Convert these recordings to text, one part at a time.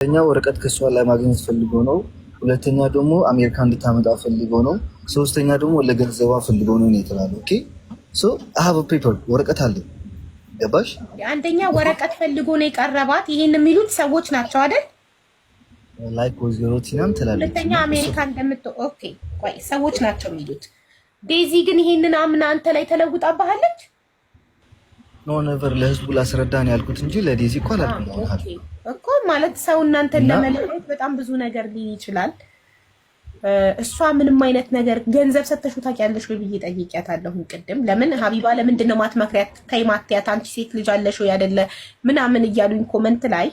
አንደኛ ወረቀት ላይ ማግኘት ፈልጎ ነው። ሁለተኛ ደግሞ አሜሪካ እንድታመጣ ፈልጎ ነው። ሶስተኛ ደግሞ ለገንዘቧ ፈልጎ ነው የተባለው። ኦኬ ሶ አሀብ ፔፐር ወረቀት አለ። ገባሽ? አንደኛ ወረቀት ፈልጎ ነው የቀረባት። ይህን የሚሉት ሰዎች ናቸው አይደል? ላይክ ወይዘሮ ቲናም ትላለች። ሁለተኛ አሜሪካ እንደምት ኦኬ ቆይ ሰዎች ናቸው የሚሉት። ዴዚ ግን ይሄንን አምና አንተ ላይ ተለውጣባሃለች። ኖ ነቨር ለህዝቡ ላስረዳን ያልኩት እንጂ ለዴዚ እኮ አላልኩም። ማለት ሰው እናንተን ለመለየት በጣም ብዙ ነገር ሊል ይችላል። እሷ ምንም አይነት ነገር ገንዘብ ሰተሽው ታውቂያለሽ ወይ ብዬ ጠይቂያታለሁ ቅድም። ለምን ሀቢባ ለምንድን ነው ማትመክሪያት ተይ አንቺ ሴት ልጅ አለሽ ወይ አይደለ ምናምን እያሉኝ ኮመንት ላይ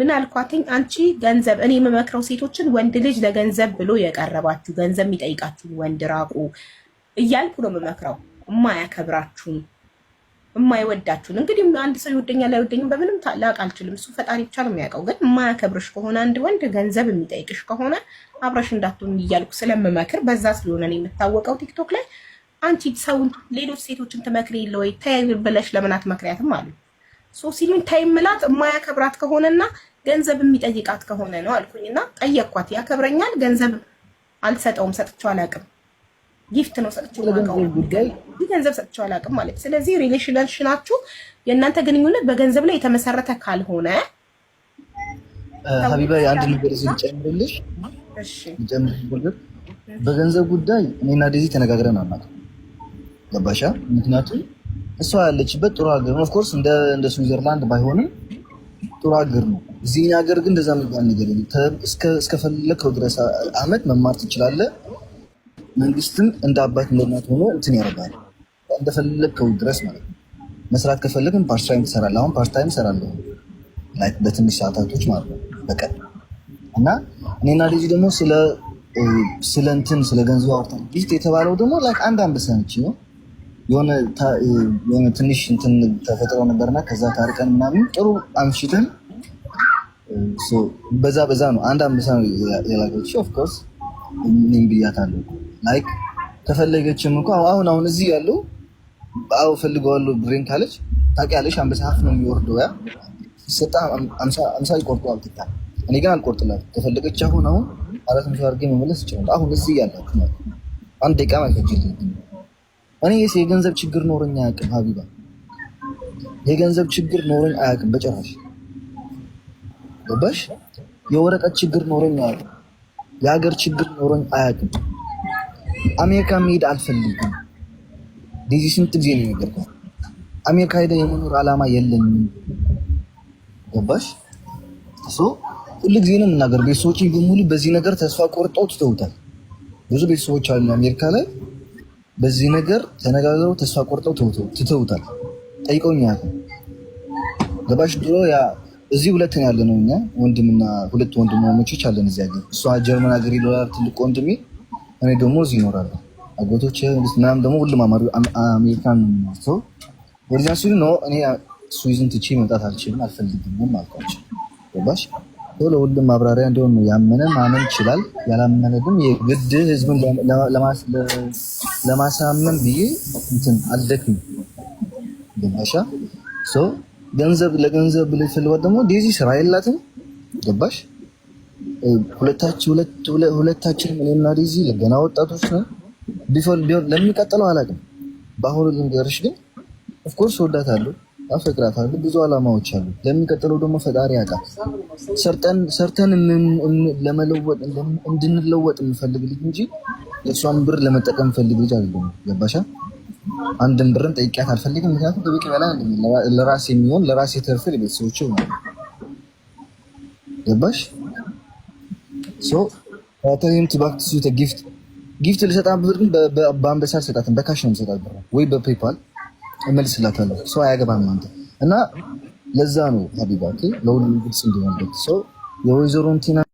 ምን አልኳትኝ? አንቺ ገንዘብ እኔ የምመክረው ሴቶችን ወንድ ልጅ ለገንዘብ ብሎ የቀረባችሁ ገንዘብ የሚጠይቃችሁ ወንድ ራቁ እያልኩ ነው የምመክረው። እማያከብራችሁን የማይወዳችሁን እንግዲህ አንድ ሰው ይወደኛል አይወደኝም በምንም ላውቅ አልችልም። እሱ ፈጣሪ ብቻ ነው የሚያውቀው። ግን የማያከብርሽ ከሆነ አንድ ወንድ ገንዘብ የሚጠይቅሽ ከሆነ አብረሽ እንዳትሆን እያልኩ ስለምመክር በዛ ስለሆነ ነው የምታወቀው። ቲክቶክ ላይ አንቺ ሰውን ሌሎች ሴቶችን ትመክር የለ ወይ ተይ ብለሽ ለምን አትመክሪያትም አሉ ሶ ሲሉኝ ተይ ምላት የማያከብራት ከሆነና ገንዘብ የሚጠይቃት ከሆነ ነው አልኩኝና ጠየቅኳት። ያከብረኛል ገንዘብ አልሰጠውም፣ ሰጥቼው አላውቅም ጊፍት ነው ሰጥቼው ገንዘብ ሰጥቼው አላውቅም ማለት። ስለዚህ ሪሌሽንሽናችሁ የእናንተ ግንኙነት በገንዘብ ላይ የተመሰረተ ካልሆነ ሀቢባ አንድ ነገር እዚህ ልጨምርልሽ ልጨምርልሽ በገንዘብ ጉዳይ እኔና ዴዚ ተነጋግረን አናውቅም። ገባሻ? ምክንያቱም እሷ ያለችበት ጥሩ ሀገር ነው። ኦፍኮርስ እንደ ስዊዘርላንድ ባይሆንም ጥሩ ሀገር ነው። እዚህኛ ሀገር ግን እንደዛ የሚባል ነገር እስከፈለግከው ድረስ አመት መማር ትችላለህ። መንግስትም እንደ አባት እንደ እናት ሆኖ እንትን ያደርጋል እንደፈለግከው ድረስ ማለት ነው። መስራት ከፈለግን ፓርትታይም ትሰራለህ። አሁን ፓርትታይም እሰራለሁ በትንሽ ሰዓታቶች ማለት ነው በቀን እና እኔና ልጅ ደግሞ ስለ እንትን ስለ ገንዘብ አውርታ ጊፍት የተባለው ደግሞ ላይክ አንድ አንበሳ ነች ነው የሆነ ትንሽ እንትን ተፈጥሮ ነበርና ከዛ ታርቀን ምናምን ጥሩ አምሽተን በዛ በዛ ነው አንድ አንበሳ ነው የላገች ኦፍኮርስ እኔም ብያታለሁ። ላይክ ተፈለገችም እኮ አሁን አሁን እዚህ ያለው አዎ ፈልገዋለሁ ብሬን ካለች ታውቂያለሽ፣ አንበሳ ሀፍ ነው የሚወርደው። ያ ሰጣ አምሳ ይቆርጠዋል። ትታ እኔ ግን አልቆርጥላት። ከፈለገች አሁን አሁን አራት መቶ አድርጌ መመለስ ይችላል። አሁን እዚህ ያላችሁ ማለት አንድ ደቂቃ ማይፈጅል። እኔ የስ የገንዘብ ችግር ኖረኝ አያውቅም። ሀቢባ የገንዘብ ችግር ኖረኝ አያውቅም በጭራሽ። ገባሽ? የወረቀት ችግር ኖረኝ አያውቅም። የሀገር ችግር ኖሮኝ አያውቅም። አሜሪካ መሄድ አልፈልግም። ዲዚ ስንት ጊዜ ነው የነገርኩህ። አሜሪካ ሄደ የመኖር አላማ የለኝም። ገባሽ? እሱ ሁሉ ጊዜ ነው የምናገር። ቤተሰቦች በሙሉ በዚህ ነገር ተስፋ ቆርጠው ትተውታል። ብዙ ቤተሰቦች አሉ አሜሪካ ላይ በዚህ ነገር ተነጋግረው ተስፋ ቆርጠው ትተውታል። ጠይቀውኛል። ገባሽ? ድሮ ያ እዚህ ሁለት ያለ ነው። እኛ ወንድምና ሁለት ወንድማማቾች አለን እዚህ ሀገር። እሷ ጀርመን ሀገር ይኖራል ትልቅ ወንድሜ፣ እኔ ደግሞ እዚህ ይኖራለሁ። አጎቶች ምናምን ደግሞ ሁሉም አማሪ አሜሪካን ነው የሚኖርተው። ወደዚያ ሲሉ ነው እኔ ስዊዝን ትቼ መምጣት አልችልም አልፈልግም አልኳቸው። ገባሽ? ሁሉም ማብራሪያ እንዲሆን ነው። ያመነ ማመን ይችላል፣ ያላመነ ግን የግድ ህዝብን ለማሳመን ብዬ እንትን አልደክም ገባሻ ገንዘብ ለገንዘብ ብለሽ ፈልጓት ደግሞ ዴዚ ስራ የላትም። ገባሽ? ሁለታችን እኔና ዴዚ ገና ወጣቶች ነን። ለሚቀጥለው አላውቅም። በአሁኑ ልንገርሽ ግን ኦፍኮርስ ወዳታለሁ፣ አፈቅራታለሁ። ብዙ አላማዎች አሉ። ለሚቀጥለው ደግሞ ፈጣሪ ያውቃል። ሰርተን ለመለወጥ እንድንለወጥ የምፈልግ ልጅ እንጂ እሷን ብር ለመጠቀም ፈልግ ልጅ አይደለም። ገባሻ? አንድን ብርን ጠይቂያት አልፈልግም። ምክንያቱም ከበቂ በላይ ለራሴ የሚሆን ለራሴ ተርፍ ለቤተሰቦች ነው። ገባሽ? ሶ ታይምት ጊፍት ጊፍት ልሰጣት ብር ግን በአንበሳ አልሰጣትም፣ በካሽ ነው የምሰጣት ብር ወይ በፔፓል እመልስላታለሁ። ሰው አያገባም አንተ እና ለዛ ነው ሀቢባ ለሁሉም ግልጽ እንዲሆንበት ሰው የወይዘሮን ቲና